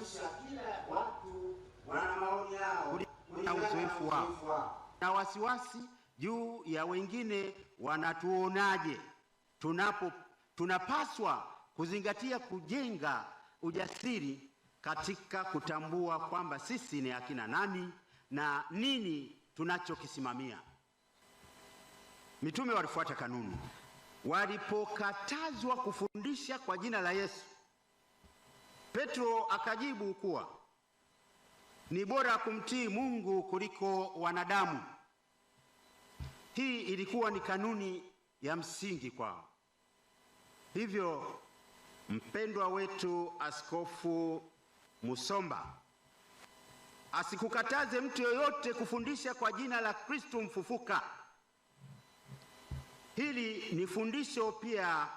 kuhamasisha kila watu wana maoni yao na uzoefu wao na wasiwasi juu ya wengine wanatuonaje. Tunapo tunapaswa kuzingatia kujenga ujasiri katika kutambua kwamba sisi ni akina nani na nini tunachokisimamia. Mitume walifuata kanuni. Walipokatazwa kufundisha kwa jina la Yesu Petro akajibu kuwa ni bora kumtii Mungu kuliko wanadamu. Hii ilikuwa ni kanuni ya msingi kwao. Hivyo mpendwa wetu Askofu Musomba asikukataze mtu yoyote kufundisha kwa jina la Kristo mfufuka. Hili ni fundisho pia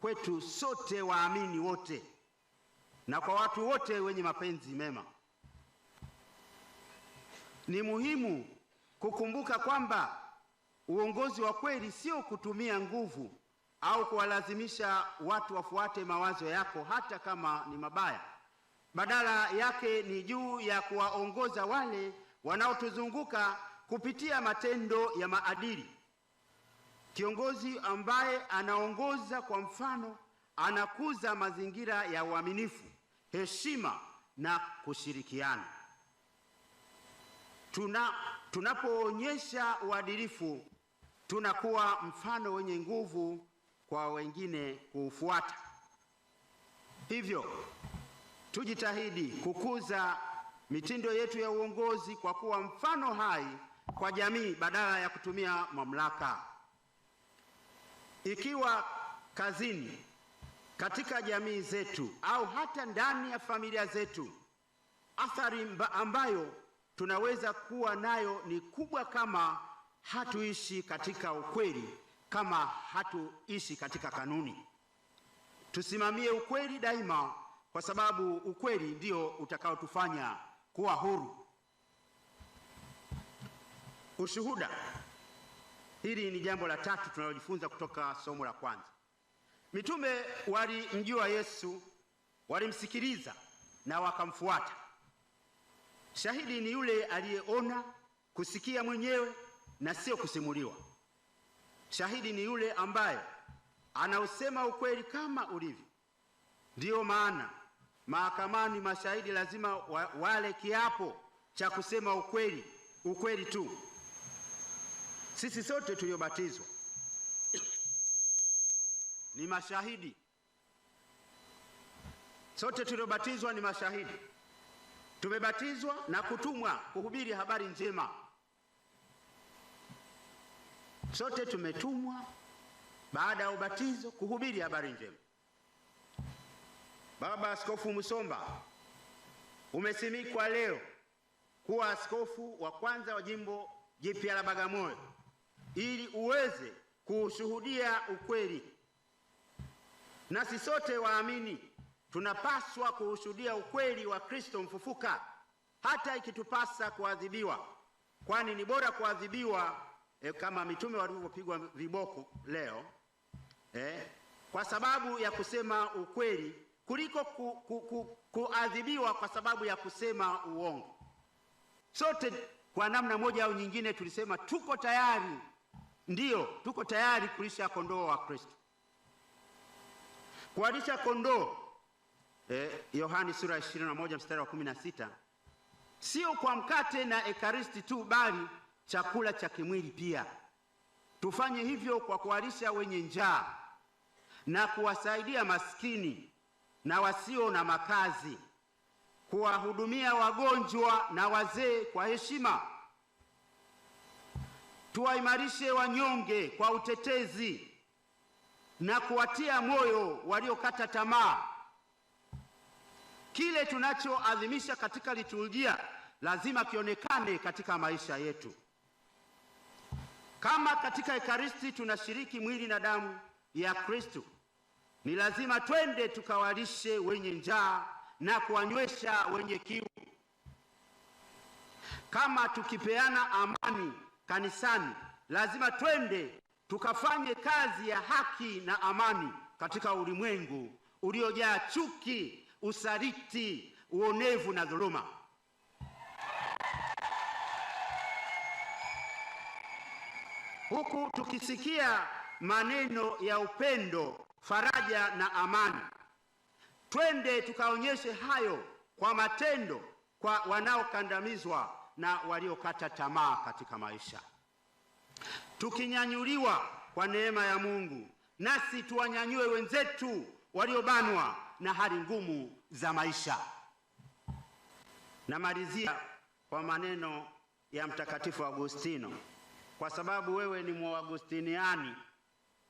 kwetu sote waamini wote na kwa watu wote wenye mapenzi mema. Ni muhimu kukumbuka kwamba uongozi wa kweli sio kutumia nguvu au kuwalazimisha watu wafuate mawazo yako hata kama ni mabaya. Badala yake ni juu ya kuwaongoza wale wanaotuzunguka kupitia matendo ya maadili. Kiongozi ambaye anaongoza kwa mfano anakuza mazingira ya uaminifu, heshima na kushirikiana. Tuna, tunapoonyesha uadilifu tunakuwa mfano wenye nguvu kwa wengine kuufuata. Hivyo tujitahidi kukuza mitindo yetu ya uongozi kwa kuwa mfano hai kwa jamii badala ya kutumia mamlaka. Ikiwa kazini katika jamii zetu au hata ndani ya familia zetu, athari ambayo tunaweza kuwa nayo ni kubwa kama hatuishi katika ukweli, kama hatuishi katika kanuni. Tusimamie ukweli daima, kwa sababu ukweli ndio utakaotufanya kuwa huru. Ushuhuda, hili ni jambo la tatu tunalojifunza kutoka somo la kwanza. Mitume walimjua Yesu, walimsikiliza na wakamfuata. Shahidi ni yule aliyeona, kusikia mwenyewe na sio kusimuliwa. Shahidi ni yule ambaye anausema ukweli kama ulivyo. Ndiyo maana mahakamani mashahidi lazima wa, wale kiapo cha kusema ukweli, ukweli tu. Sisi sote tuliobatizwa ni mashahidi, sote tuliobatizwa ni mashahidi. Tumebatizwa na kutumwa kuhubiri habari njema, sote tumetumwa baada ya ubatizo kuhubiri habari njema. Baba Askofu Musomba, umesimikwa leo kuwa askofu wa kwanza wa jimbo jipya la Bagamoyo ili uweze kuushuhudia ukweli Nasi sote waamini tunapaswa kuushuhudia ukweli wa Kristo mfufuka, hata ikitupasa kuadhibiwa, kwani ni bora kuadhibiwa e, kama mitume walivyopigwa viboko leo e, kwa sababu ya kusema ukweli kuliko ku, ku, ku, kuadhibiwa kwa sababu ya kusema uongo. Sote kwa namna moja au nyingine tulisema tuko tayari, ndiyo tuko tayari kulisha kondoo wa Kristo kuwalisha kondoo Yohani eh, sura ya 21 mstari wa 16, sio kwa mkate na ekaristi tu, bali chakula cha kimwili pia. Tufanye hivyo kwa kuwalisha wenye njaa na kuwasaidia maskini na wasio na makazi, kuwahudumia wagonjwa na wazee kwa heshima. Tuwaimarishe wanyonge kwa utetezi na kuwatia moyo waliokata tamaa. Kile tunachoadhimisha katika liturujia lazima kionekane katika maisha yetu. Kama katika Ekaristi tunashiriki mwili na damu ya Kristo, ni lazima twende tukawalishe wenye njaa na kuwanywesha wenye kiu. Kama tukipeana amani kanisani, lazima twende tukafanye kazi ya haki na amani katika ulimwengu uliojaa chuki, usaliti, uonevu na dhuluma. Huku tukisikia maneno ya upendo, faraja na amani, twende tukaonyeshe hayo kwa matendo kwa wanaokandamizwa na waliokata tamaa katika maisha tukinyanyuliwa kwa neema ya Mungu, nasi tuwanyanyue wenzetu waliobanwa na hali ngumu za maisha. Namalizia kwa maneno ya Mtakatifu Agustino. Kwa sababu wewe ni Mwagustiniani,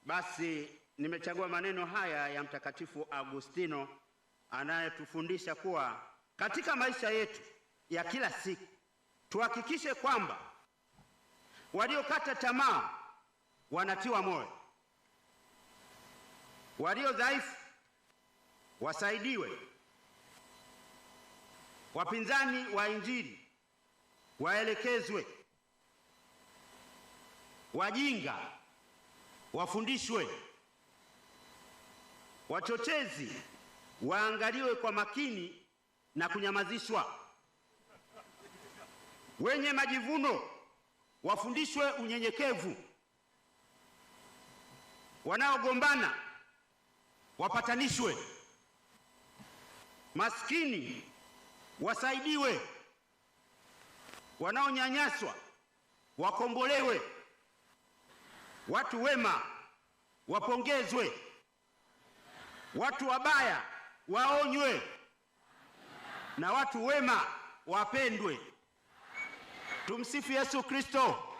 basi nimechagua maneno haya ya Mtakatifu Agustino anayetufundisha kuwa katika maisha yetu ya kila siku tuhakikishe kwamba Waliokata tamaa wanatiwa moyo, walio dhaifu wasaidiwe, wapinzani wa Injili waelekezwe, wajinga wafundishwe, wachochezi waangaliwe kwa makini na kunyamazishwa, wenye majivuno wafundishwe unyenyekevu, wanaogombana wapatanishwe, maskini wasaidiwe, wanaonyanyaswa wakombolewe, watu wema wapongezwe, watu wabaya waonywe, na watu wema wapendwe. Tumsifu Yesu Kristo.